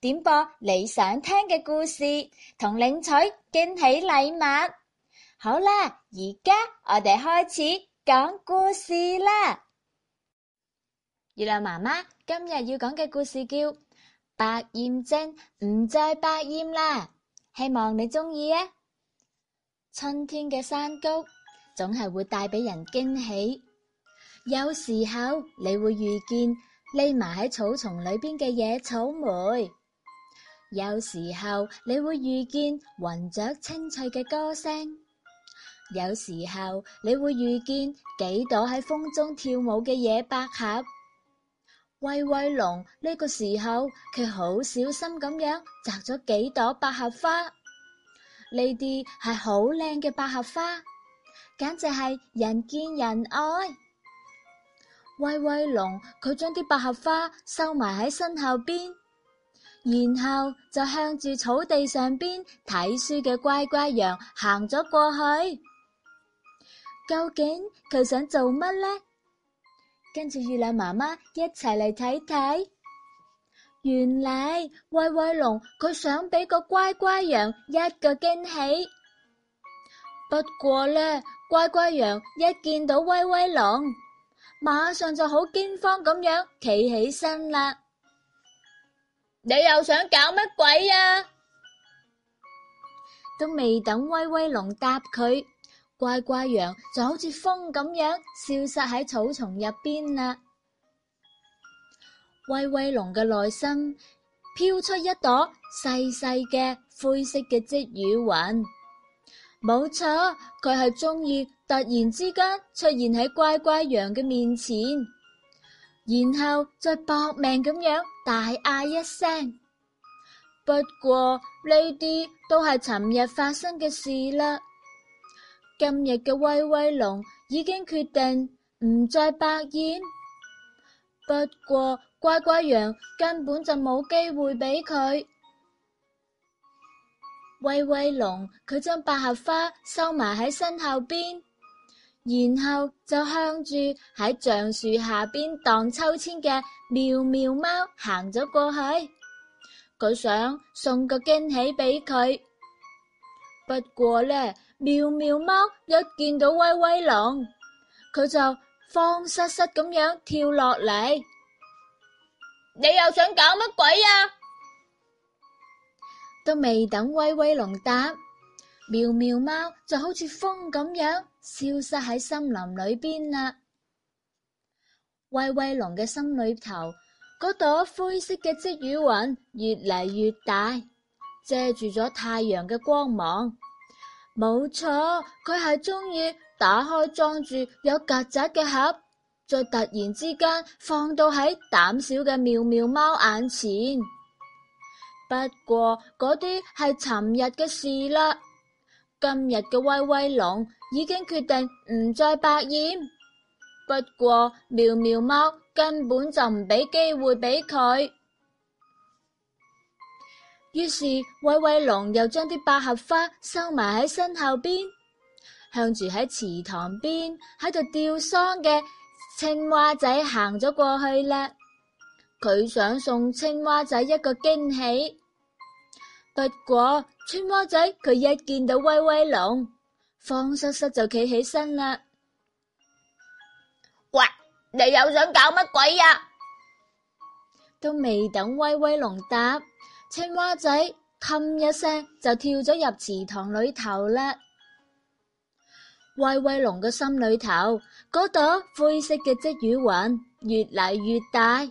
點播你想聽嘅故事，同領取驚喜禮物。好啦，而家我哋開始講故事啦。月亮媽媽今日要講嘅故事叫《百厭星唔再百厭啦》，希望你中意啊！春天嘅山谷總係會帶俾人驚喜，有時候你會遇見匿埋喺草叢裏邊嘅野草莓。有時候你會遇見雲雀清脆嘅歌聲，有時候你會遇見幾朵喺風中跳舞嘅野百合。威威龍呢個時候，佢好小心咁樣摘咗幾朵百合花，呢啲係好靚嘅百合花，簡直係人見人愛。威威龍佢將啲百合花收埋喺身後邊。然後就向住草地上邊睇書嘅乖乖羊行咗過去，究竟佢想做乜呢？跟住月亮媽媽一齊嚟，睇睇，原來威威龍佢想俾個乖乖羊一個驚喜。不過呢，乖乖羊一見到威威龍，馬上就好驚慌咁樣企起身啦。你又想搞乜鬼啊？都未等威威龍答佢，乖乖羊就好似風咁樣消失喺草叢入邊啦。威威龍嘅內心飄出一朵細細嘅灰色嘅積雨雲。冇錯，佢係中意突然之間出現喺乖乖羊嘅面前。然後再搏命咁樣大嗌一聲不過呢啲都係尋日發生嘅事啦。今日嘅威威龍已經決定唔再百厭。不過乖乖羊根本就冇機會俾佢。威威龍佢將百合花收埋喺身後邊。然後就向住喺橡樹下邊蕩秋千嘅妙妙貓行咗過去，佢想送個驚喜俾佢。不過呢，妙妙貓一見到威威龍，佢就慌失失咁樣跳落嚟。你又想搞乜鬼呀？都未等威威龍答，妙妙貓就好似風咁樣。消失喺森林裏邊啦。威威龍嘅心裏頭，嗰朵灰色嘅積雨雲越嚟越大，遮住咗太陽嘅光芒。冇錯，佢係中意打開裝住有曱甴嘅盒，再突然之間放到喺膽小嘅妙妙貓眼前。不過嗰啲係尋日嘅事啦，今日嘅威威龍。已經決定唔再百厭，不過苗苗貓根本就唔俾機會俾佢。於是威威龍又將啲百合花收埋喺身後邊，向住喺池塘邊喺度吊喪嘅青蛙仔行咗過去啦。佢想送青蛙仔一個驚喜，不過青蛙仔佢一見到威威龍。慌失失就企起身啦。喂，你又想搞乜鬼呀、啊？都未等威威龍答，青蛙仔冚一聲就跳咗入池塘裏頭啦。威威龍嘅心裏頭，嗰朵灰色嘅積雨雲越嚟越大，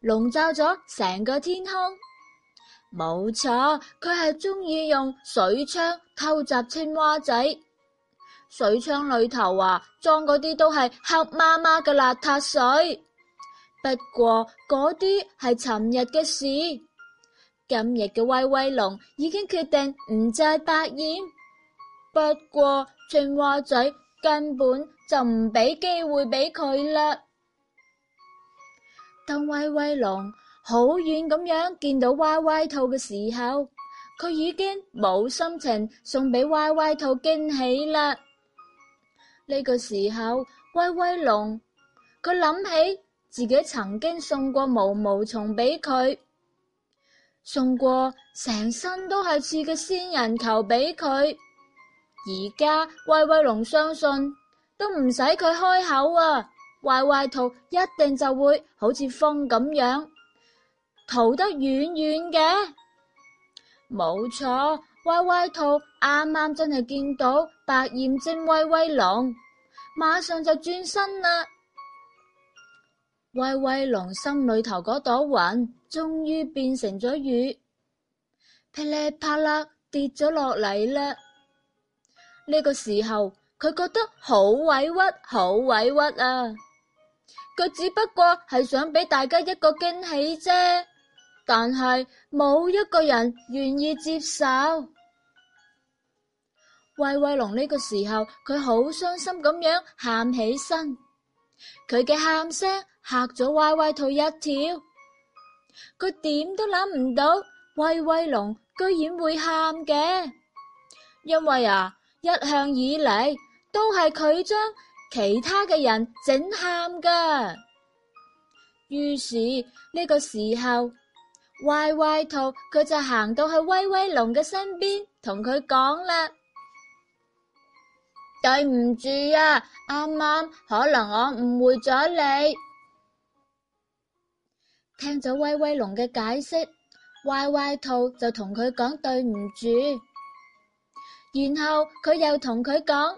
籠罩咗成個天空。冇錯，佢係中意用水槍偷襲青蛙仔。水槍裏頭啊，裝嗰啲都係黑麻麻嘅邋遢水。不過嗰啲係尋日嘅事，今日嘅威威龍已經決定唔再百厭。不過正話仔根本就唔俾機會俾佢啦。當威威龍好遠咁樣見到歪歪兔嘅時候，佢已經冇心情送俾歪歪兔驚喜啦。呢個時候，威威龍佢諗起自己曾經送過毛毛蟲俾佢，送過成身都係刺嘅仙人球俾佢。而家威威龍相信，都唔使佢開口啊，壞壞兔一定就會好似風咁樣逃得遠遠嘅。冇錯。歪歪兔啱啱真係見到白燕正威威龍，馬上就轉身啦。威威龍心裏頭嗰朵雲終於變成咗雨，噼里啪啦跌咗落嚟啦。呢個時候佢覺得好委屈，好委屈啊！佢只不過係想俾大家一個驚喜啫。但係冇一個人願意接受。威威龍呢個時候，佢好傷心咁樣喊起身，佢嘅喊聲吓咗歪歪兔一跳。佢點都諗唔到威威龍居然會喊嘅，因為啊一向以嚟都係佢將其他嘅人整喊噶。於是呢個時候。歪歪兔佢就行到去威威龍嘅身邊，同佢講啦：對唔住啊，啱啱可能我誤會咗你。聽咗威威龍嘅解釋，歪歪兔就同佢講對唔住，然後佢又同佢講：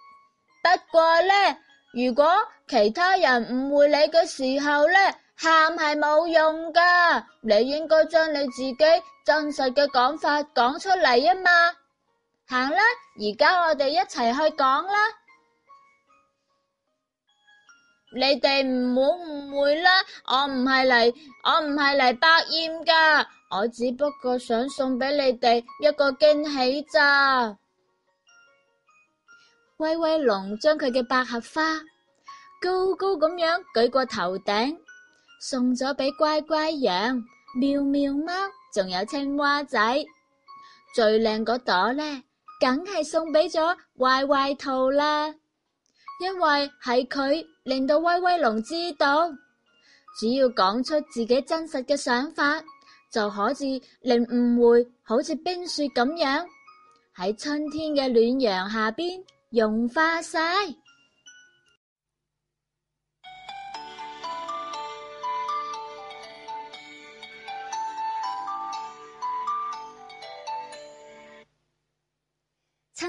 不過呢，如果其他人誤會你嘅時候呢……」喊係冇用噶，你應該將你自己真實嘅講法講出嚟啊嘛！行啦，而家我哋一齊去講啦。你哋唔好誤會啦，我唔係嚟，我唔係嚟百厭噶，我只不過想送俾你哋一個驚喜咋。威威龍將佢嘅百合花高高咁樣舉過頭頂。送咗俾乖乖羊、妙妙貓，仲有青蛙仔，最靚嗰朵咧，梗係送俾咗壞壞兔啦。因為係佢令到威威龍知道，只要講出自己真實嘅想法，就可以令誤會好似冰雪咁樣，喺春天嘅暖陽下面融化晒。